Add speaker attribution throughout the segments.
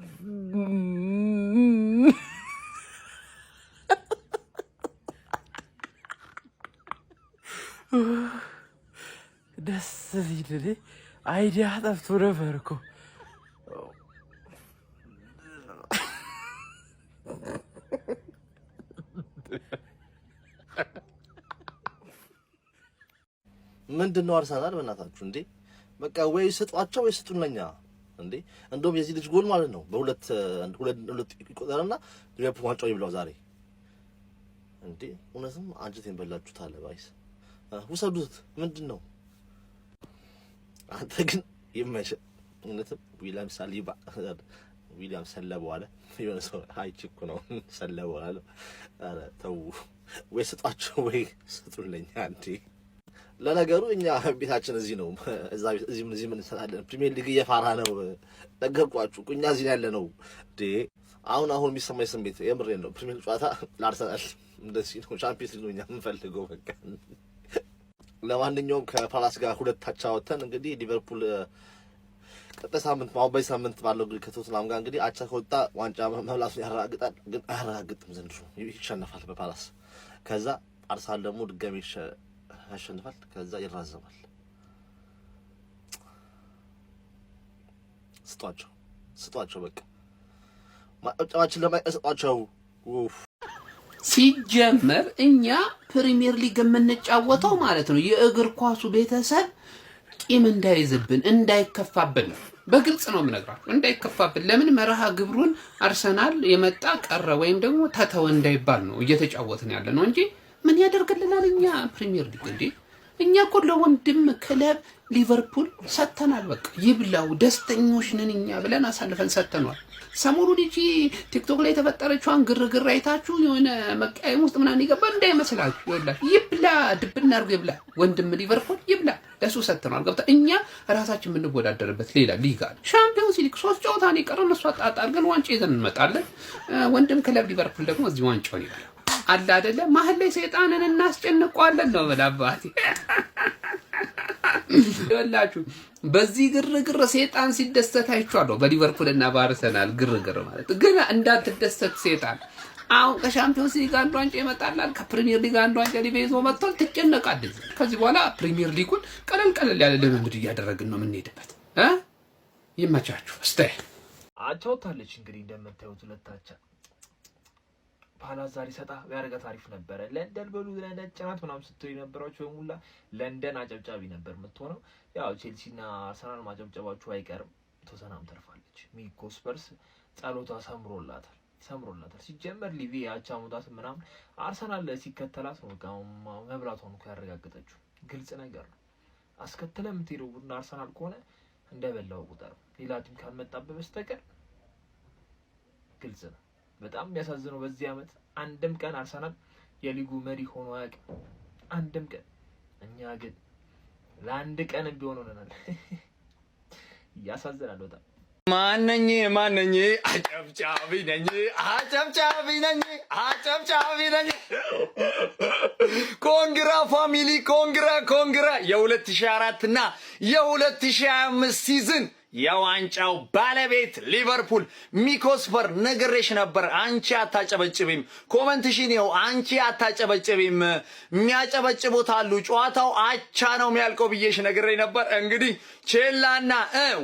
Speaker 1: ደስ ሲል አይዲያ ጠፍቶ ነበር እኮ።
Speaker 2: ምንድን ነው አርሰናል? በእናታችሁ እንዴ! በቃ ወይ ስጧቸው ወይ ስጡን ለኛ እንዴ እንደውም የዚህ ልጅ ጎል ማለት ነው በሁለት ሁለት ሁለት ይቆጠርና ሊቨርፑል ዋንጫው ይብላው ዛሬ እንዴ እውነትም አንጀቴን በላችሁት አለ ባይስ ውሰዱት ምንድን ነው አንተ ግን ይመች እውነትም ዊሊያም ሳሊባ ዊሊያም ሰለበው አለ የሆነ ሰው ሀይች እኮ ነው ሰለበው አለ ተው ወይ ስጧቸው ወይ ስጡልኛ እንዴ ለነገሩ እኛ ቤታችን እዚህ ነው። እዚህ ምን እንሰራለን። ፕሪሚየር ሊግ እየፋራ ነው። ነገርኳችሁ እኛ እዚህ ያለ ነው። አሁን አሁን የሚሰማኝ ስሜት የምሬ ነው። ፕሪሚየር ጨዋታ ላርሰናል እንደዚህ ነው። ቻምፒየንስ ሊግ ነው እኛ የምንፈልገው በቃ። ለማንኛውም ከፓላስ ጋር ሁለት አቻ ወጥተን እንግዲህ ሊቨርፑል ቀጣይ ሳምንት አሁን በዚህ ሳምንት ባለው እንግዲህ ከቶትናም ጋር እንግዲህ አቻ ከወጣ ዋንጫ መብላቱን ያረጋግጣል። ግን አያረጋግጥም ዘንድሮ ይሸነፋል በፓላስ ከዛ አርሳል ደግሞ ድጋሚ ያሸንፋል። ከዛ ይራዘማል። ስጧቸው፣ ስጧቸው በቃ ማጨዋችን ለማይ ስጧቸው።
Speaker 3: ሲጀመር እኛ ፕሪሚየር ሊግ የምንጫወተው ማለት ነው የእግር ኳሱ ቤተሰብ ቂም እንዳይዝብን እንዳይከፋብን ነው። በግልጽ ነው የምነግራቸው፣ እንዳይከፋብን። ለምን መርሃ ግብሩን አርሰናል የመጣ ቀረ ወይም ደግሞ ተተው እንዳይባል ነው እየተጫወትን ያለ ነው እንጂ ምን ያደርግልናል? እኛ ፕሪሚየር ሊግ እንዴ እኛ እኮ ለወንድም ክለብ ሊቨርፑል ሰጥተናል። በቃ ይብላው ደስተኞች ነን እኛ ብለን አሳልፈን ሰጥተኗል። ሰሞኑን እቺ ቲክቶክ ላይ የተፈጠረችዋን ግርግር አይታችሁ የሆነ መቃየም ውስጥ ምናምን ይገባል እንዳይመስላችሁ። ይላችሁ ይብላ፣ ድብና አድርጎ ይብላ። ወንድም ሊቨርፑል ይብላ፣ ለሱ ሰጥተኗል። ገብታ እኛ ራሳችን የምንወዳደርበት ሌላ ሊጋ ሻምፒዮንስ ሊግ ሶስት ጨዋታ ነው የቀረን። እሱ አጣጣር ግን ዋንጫ ይዘን እንመጣለን። ወንድም ክለብ ሊቨርፑል ደግሞ እዚህ ዋንጫውን ይበላል። አለ አደለ መሀል ላይ ሰይጣንን እናስጨንቀዋለን ነው የምልህ አባቴ። ይኸውላችሁ በዚህ ግርግር ሰይጣን ሲደሰት አይቼዋለሁ። እና በአርሰናል ግርግር ማለት ግን እንዳትደሰት ሰይጣን አሁን ከሻምፒዮንስ ሊግ አንዱ ዋንጫ ይመጣላል። ከፕሪሚየር ሊግ አንዱ ዋንጫ ሊበ ይዞ መጥቷል። ትጨነቃለች። ከዚህ በኋላ ፕሪሚየር ሊጉን ቀለል ቀለል ያለ ልምምድ እያደረግን ነው የምንሄድበት። ይመቻችሁ።
Speaker 1: እስተ
Speaker 4: አጫውታለች እንግዲህ እንደምታዩት ሁለታችን ፓላዛሪ ሰጣ ያደረጋት አሪፍ ነበረ። ለንደን በሉ ለንደን ጭናት ምናምን ስትል የነበራችሁ በሙላ ለንደን አጨብጫቢ ነበር የምትሆነው። ያው ቼልሲና አርሰናል ማጨብጨባችሁ አይቀርም። ቶተናም ተርፋለች። ሚኮ ስፐርስ ጸሎቷ ሰምሮላታል ሰምሮላታል። ሲጀመር ሊቪ የአቻ መውጣት ምናምን አርሰናል ሲከተላት ነው መብላቷን እኮ ያረጋገጠችው። ግልጽ ነገር ነው። አስከተለ የምትሄደው ቡድን አርሰናል ከሆነ እንደበላው ቁጠር። ሌላ ቲም ካልመጣበት በስተቀር ግልጽ ነው። በጣም የሚያሳዝነው በዚህ ዓመት አንድም ቀን አርሰናል የሊጉ መሪ ሆኖ አያውቅም። አንድም ቀን። እኛ ግን ለአንድ ቀን ቢሆን ሆነናል። ያሳዝናል በጣም። ማነኝ ማነኝ? አጨብጫቢ ነኝ፣ አጨብጫቢ ነኝ፣ አጨብጫቢ ነኝ። ኮንግራ ፋሚሊ፣ ኮንግራ ኮንግራ። የ2004 እና የ2025 ሲዝን የዋንጫው ባለቤት ሊቨርፑል። ሚኮስፈር ነግሬሽ ነበር። አንቺ አታጨበጭቢም፣ ኮመንትሽን ይኸው አንቺ አታጨበጭቢም። የሚያጨበጭቡት አሉ። ጨዋታው አቻ ነው የሚያልቀው ብዬሽ ነግሬ ነበር። እንግዲህ ቼላና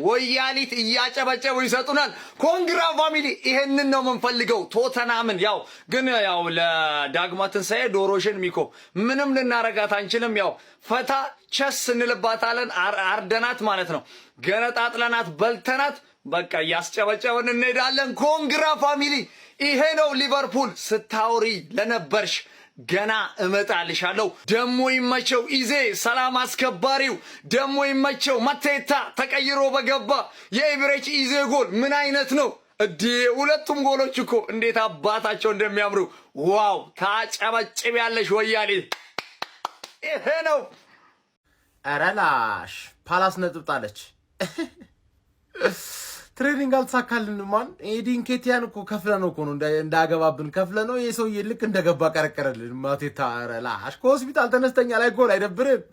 Speaker 4: ወያሊት እያጨበጨቡ ይሰጡናል። ኮንግራ ፋሚሊ፣ ይህንን ነው የምንፈልገው። ቶተናምን ያው ግን ያው ለዳግማ ትንሣኤ ዶሮሽን ሚኮ ምንም ልናረጋት አንችልም። ያው ፈታ ቸስ እንልባታለን። አርደናት ማለት ነው ገነጣጥለና ጠጥተናት በልተናት በቃ እያስጨበጨበን እንሄዳለን። ኮንግራ ፋሚሊ፣ ይሄ ነው ሊቨርፑል። ስታውሪ ለነበርሽ ገና እመጣልሻለሁ። ደሞ ይመቸው ኢዜ ሰላም አስከባሪው፣ ደሞ ይመቸው ማቴታ ተቀይሮ በገባ የኤብሬች ኢዜ ጎል ምን አይነት ነው እዴ! ሁለቱም ጎሎች እኮ እንዴት አባታቸው እንደሚያምሩ ዋው! ታጨበጭብ ያለሽ ወያሌ፣ ይሄ ነው።
Speaker 5: ረላሽ። ፓላስ ነጥብጣለች። ትሬኒንግ አልተሳካልንም። ማን ኤዲን ኬቲያን እኮ ከፍለ ነው እኮ ነው እንዳገባብን ከፍለ ነው። ይህ ሰውዬ ልክ እንደገባ ቀረቀረልን። ማቴታ ከሆስፒታል ተነስተኛ ላይ ጎል አይደብርም።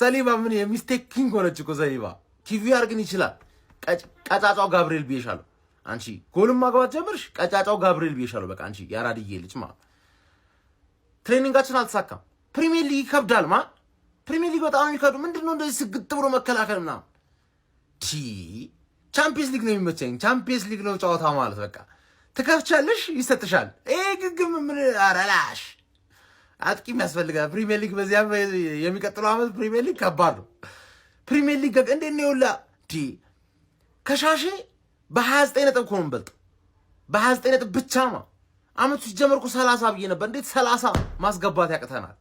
Speaker 5: ሰሊባ ምን የሚስቴክ ኪንግ ሆነች እኮ ሰሊባ። ኪቪያር ግን ይችላል። ቀጫጫው ጋብርኤል ብዬሻለሁ። አንቺ ጎልም ማግባት ጀምርሽ። ቀጫጫው ጋብርኤል ብዬሻለሁ። በቃ አንቺ ያራድዬ ልጅ ማ ትሬኒንጋችን አልተሳካም። ፕሪሚየር ሊግ ይከብዳል። ማ ፕሪሚየር ሊግ በጣም የሚከብዱ ምንድነው እንደዚህ ስግጥ ብሎ መከላከል ምናምን ቻምፒየንስ ሊግ ነው የሚመቸኝ። ቻምፒየንስ ሊግ ነው ጨዋታ ማለት በቃ ትከፍቻለሽ፣ ይሰጥሻል። ይሄ ግግም ምን አረላሽ አጥቂ ያስፈልጋል። ፕሪሚየር ሊግ በዚያ የሚቀጥለው ዓመት ፕሪሚየር ሊግ ከባድ ነው። ፕሪሚየር ሊግ እንዴት ነው የውላ ከሻሼ በ29 ነጥብ ከሆኑ በልጥ የምበልጠው። በ29 ነጥብ ብቻማ ዓመቱ ሲጀመር 30 ብዬ ነበር። እንዴት 30 ማስገባት ያቅተናል?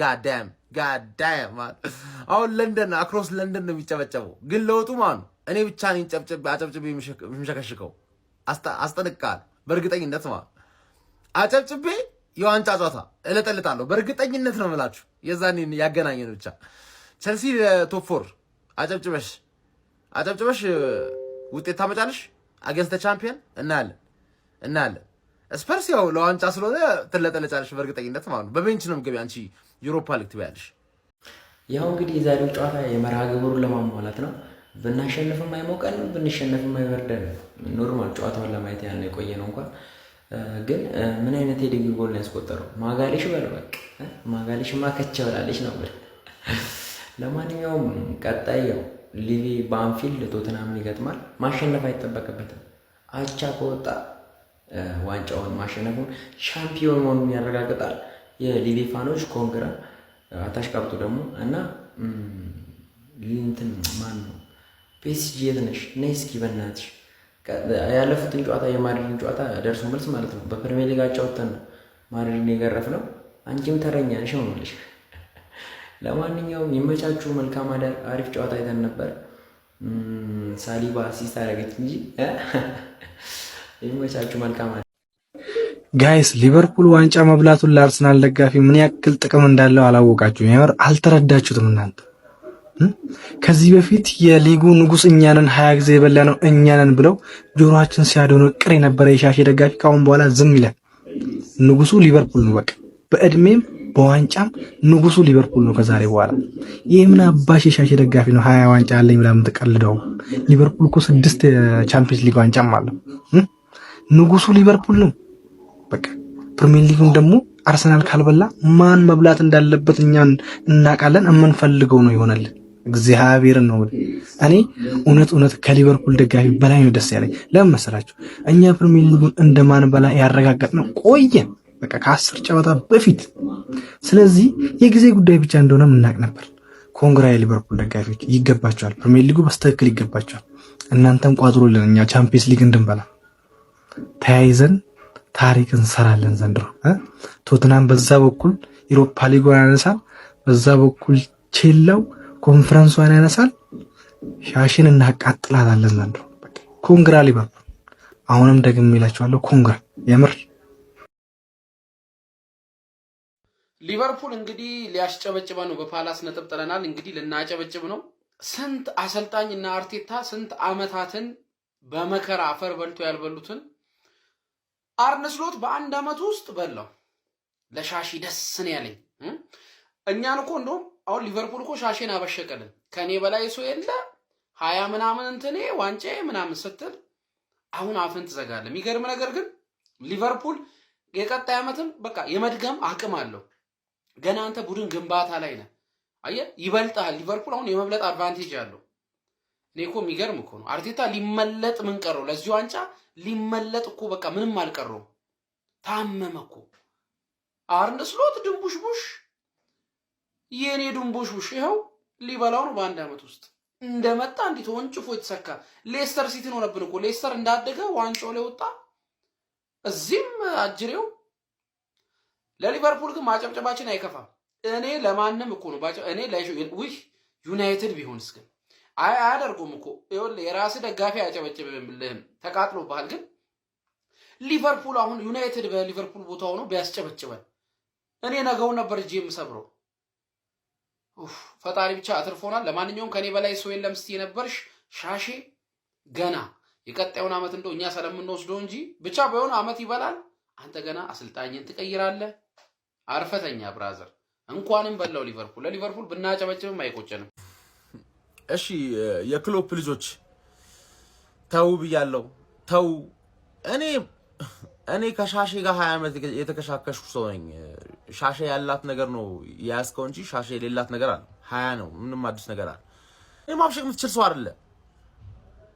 Speaker 5: ጋዳም ጋዳም ማለት አሁን ለንደን አክሮስ ለንደን ነው የሚጨበጨበው። ግን ለውጡ ማኑ እኔ ብቻ ነኝ ጨብጨብ አጨብጭቤ የምሸከሽከው አስጠነቅቃለሁ። በእርግጠኝነት ማለት አጨብጭቤ የዋንጫ ጨዋታ እለጠልጣለሁ። በእርግጠኝነት ነው የምላችሁ። የዛኔ ያገናኘን ብቻ ቸልሲ ቶፕ ፎር አጨብጭበሽ አጨብጭበሽ ውጤት ታመጫለሽ። አገንስተ ቻምፒየን እናያለን እናያለን። ስፐርስ ያው ለዋንጫ ስለሆነ ትለጠለጫለሽ በእርግጠኝነት ማለት ነው። በቤንች ነው የምትገቢ አንቺ ዩሮፓ ሊግ ትበያለሽ። ያው
Speaker 6: እንግዲህ የዛሬው ጨዋታ የመርሃ ግብሩን ለማሟላት ነው። ብናሸንፍም አይሞቀን፣ ብንሸነፍም አይበርደን። ኖርማል ጨዋታውን ለማየት ያልነው የቆየ ነው። እንኳን ግን ምን አይነት የድግ ጎል ነው ያስቆጠረው? ማጋሌሽ በል በቃ ማጋሌሽ ማከቸ ብላለች ነበር። ለማንኛውም ቀጣይ ያው ሊቪ በአንፊልድ ቶትናምን ይገጥማል። ማሸነፍ አይጠበቅበትም። አቻ ከወጣ ዋንጫውን ማሸነፉን ሻምፒዮን መሆኑን ያረጋግጣል። የሊቤ ፋኖች ኮንግራ ቀብጡ ደግሞ እና እንትን ማን ነው ፔስጂ የት ነሽ? ነይ እስኪ በእናትሽ ያለፉትን ጨዋታ የማድሪድን ጨዋታ ደርሶ መልስ ማለት ነው በፕሪሚየር ሊግ አጫውተን ነው ማድሪድን የገረፍ ነው አንቺም ተረኛ ነሽ ሆኖልሽ። ለማንኛውም ይመቻችሁ። መልካም አዳር። አሪፍ ጨዋታ አይተን ነበር። ሳሊባ ሲስት አደረገች እንጂ
Speaker 1: ይመቻችሁ። መልካም ጋይስ ሊቨርፑል ዋንጫ መብላቱን ለአርሰናል ደጋፊ ምን ያክል ጥቅም እንዳለው አላወቃችሁም። የምር አልተረዳችሁትም እናንተ። ከዚህ በፊት የሊጉ ንጉስ እኛንን ሀያ ጊዜ የበላ ነው እኛንን ብለው ጆሮችን ቅር የነበረ የሻሼ ደጋፊ ከአሁን በኋላ ዝም ይላል። ንጉሱ ሊቨርፑል ነው። በቃ በእድሜም በዋንጫም ንጉሱ ሊቨርፑል ነው ከዛሬ በኋላ። ይህ ምን አባሽ የሻሼ ደጋፊ ነው ሀያ ዋንጫ አለኝ ብላ የምትቀልደው? ሊቨርፑል እኮ ስድስት የቻምፒንስ ሊግ ዋንጫም አለው። ንጉሱ ሊቨርፑል ነው። በቃ ፕሪሚየር ደግሞ አርሰናል ካልበላ ማን መብላት እንዳለበት እኛን እናውቃለን። የምንፈልገው ነው ይሆናል። እግዚአብሔር ነው። እኔ እውነት እውነት ከሊቨርፑል ደጋፊ በላይ ነው ደስ ያለኝ። ለምን መሰላችሁ? እኛ ፕሪሚየር ሊጉን እንደማንበላ ያረጋገጥ ነው ቆየ በቃ ከአስር ጨዋታ በፊት። ስለዚህ የጊዜ ጉዳይ ብቻ እንደሆነ ምናቅ ነበር። ኮንግራ የሊቨርፑል ደጋፊዎች ይገባቸዋል። ፕሪሚየር ሊጉ በስተክክል ይገባቸዋል። እናንተም ቋጥሮልን እኛ ቻምፒየንስ ሊግ እንድንበላ ተያይዘን ታሪክ እንሰራለን ዘንድሮ። ቶትናም በዛ በኩል ኢሮፓ ሊጎን ያነሳል፣ በዛ በኩል ቼላው ኮንፈረንሷን ያነሳል። ሻሽን እናቃጥላታለን ዘንድሮ። ኮንግራ ሊቨርፑል። አሁንም ደግሜ እላቸዋለሁ ኮንግራ የምር
Speaker 6: ሊቨርፑል እንግዲህ ሊያስጨበጭበ ነው። በፓላስ ነጥብ ጥለናል። እንግዲህ ልናጨበጭብ ነው። ስንት አሰልጣኝ እና አርቴታ ስንት አመታትን በመከራ አፈር በልቶ ያልበሉትን አርነስሎት በአንድ ዓመት ውስጥ በላው። ለሻሺ ደስ ነው ያለኝ። እኛን እኮ እንደውም አሁን ሊቨርፑል እኮ ሻሺን አበሸቀልን። ከእኔ በላይ ሰው የለ ሀያ ምናምን እንትኔ ዋንጫ ምናምን ስትል አሁን አፍን ትዘጋለህ። የሚገርም ነገር ግን ሊቨርፑል የቀጣይ ዓመትም በቃ የመድገም አቅም አለው። ገና አንተ ቡድን ግንባታ ላይ ነህ። አየህ፣ ይበልጥሃል። ሊቨርፑል አሁን የመብለጥ አድቫንቴጅ አለው። እኔ እኮ የሚገርም እኮ ነው። አርቴታ ሊመለጥ ምን ቀረው? ለዚሁ ዋንጫ ሊመለጥ እኮ በቃ ምንም አልቀረው። ታመመ እኮ አርነ ስሎት ድንቡሽቡሽ፣ የእኔ ድንቡሽቡሽ ይኸው ሊበላው ነው። በአንድ ዓመት ውስጥ እንደመጣ እንዴት ወንጭፎ የተሰካ ሌስተር ሲቲን ሆነብን እኮ። ሌስተር እንዳደገ ዋንጫው ላይ ወጣ። እዚህም አጅሬው ለሊቨርፑል ግን ማጨብጨባችን አይከፋም። እኔ ለማንም እኮ ነው እኔ ዩናይትድ ቢሆንስ ግን አይ አያደርጉም እኮ ይኸውልህ፣ የራስህ ደጋፊ ተቃጥሎ ባህል ግን ሊቨርፑል አሁን ዩናይትድ በሊቨርፑል ቦታ ሆኖ ቢያስጨበጭበን እኔ ነገው ነበር እጄ የምሰብረው። ፈጣሪ ብቻ አትርፎናል። ለማንኛውም ከኔ በላይ ሰው የለም ስትይ ነበርሽ ሻሼ። ገና የቀጣዩን ዓመት እንደው እኛ ስለምንወስደው እንጂ ብቻ በሆነ ዓመት ይበላል። አንተ ገና አሰልጣኝን ትቀይራለህ። አርፈተኛ ብራዘር። እንኳንም በላው ሊቨርፑል። ለሊቨርፑል ብናጨበጭብም
Speaker 5: አይቆጨንም። እሺ የክሎፕ ልጆች ተው ብያለው። ተው እኔ እኔ ከሻሼ ጋር ሀያ ዓመት የተከሻከሽ ሰው ነኝ። ሻሼ ያላት ነገር ነው የያዝከው እንጂ ሻሼ የሌላት ነገር አለ። ሀያ ነው ምንም አዲስ ነገር አለ። እኔ ማብሸቅ የምትችል ሰው አይደለ።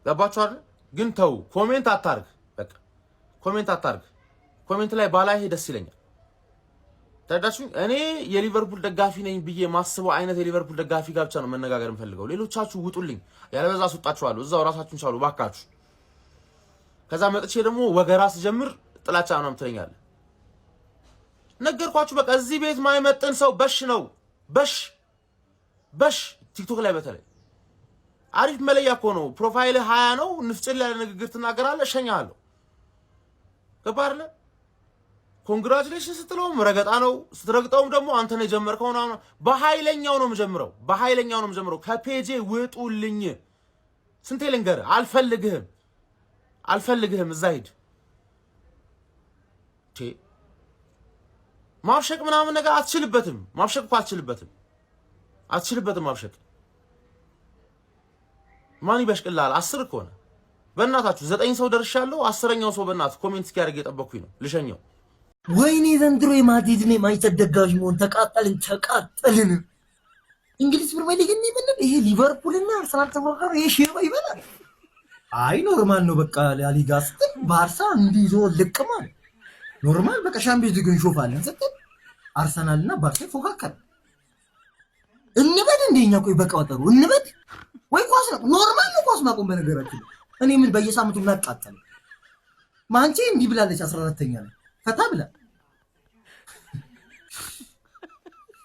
Speaker 5: ገባችሁ አይደል? ግን ተው ኮሜንት አታርግ፣ በቃ ኮሜንት አታርግ። ኮሜንት ላይ ባላይሄ ደስ ይለኛል። ተረዳችሁ። እኔ የሊቨርፑል ደጋፊ ነኝ ብዬ የማስበው አይነት የሊቨርፑል ደጋፊ ጋር ብቻ ነው መነጋገር የምፈልገው። ሌሎቻችሁ ውጡልኝ፣ ያለበዛ አስወጣችኋለሁ። እዛው ራሳችሁን ቻሉ ባካችሁ። ከዛ መጥቼ ደግሞ ወገራ ስጀምር ጥላቻ ነው ትለኛለህ። ነገርኳችሁ። በቃ እዚህ ቤት ማይመጥን ሰው በሽ ነው በሽ በሽ። ቲክቶክ ላይ በተለይ አሪፍ መለያ እኮ ነው። ፕሮፋይል ሀያ ነው። ንፍጭ ያለ ንግግር ትናገራለህ፣ እሸኛለሁ። ገባህ አይደለ? ኮንግራቹሌሽን ስትለውም ረገጣ ነው። ስትረግጠውም ደግሞ አንተ ነው የጀመርከው ነው። በኃይለኛው ነው የምጀምረው፣ በኃይለኛው ነው የምጀምረው። ከፔጄ ውጡልኝ። ስንቴ ልንገር? አልፈልግህም፣ አልፈልግህም። እዛ ሂድ። ማብሸቅ ምናምን ነገር አትችልበትም። ማብሸቅ እኮ አትችልበትም፣ አትችልበትም። ማብሸቅ ማን ይበሽቅልሃል? አስር ከሆነ በእናታችሁ ዘጠኝ ሰው ደርሻለሁ። አስረኛው ሰው በእናት ኮሜንት እስኪያደርግ የጠበኩኝ ነው ልሸኘው ወይኔ ዘንድሮ የማድሪድን የማንቸስተር ደጋፊ መሆን ተቃጠልን ተቃጠልን። እንግሊዝ ፕሪሚየር ሊግ እኔ የምልህ ይሄ ሊቨርፑልና አርሰናል ተፎካካሪ ይሄ ሼባ ይበላል። አይ ኖርማል ነው በቃ ላሊጋ ስትል ባርሳ እንዲህ ይዞ ልቅማል። ኖርማል በቃ ሻምፒዮንስ ሊግ እንሾፋለን ስትል አርሰናልና ባርሳ ይፎካከል። እንበድ እንደኛ ቆይ በቀጠሩ እንበድ ወይ ኳስ ኖርማል ነው ኳስ ማቆም። በነገራችን እኔ ምን በየሳምንቱ እናቃጠል ማንቼ እንዲህ ብላለች አስራ አራተኛ ነው فطبلة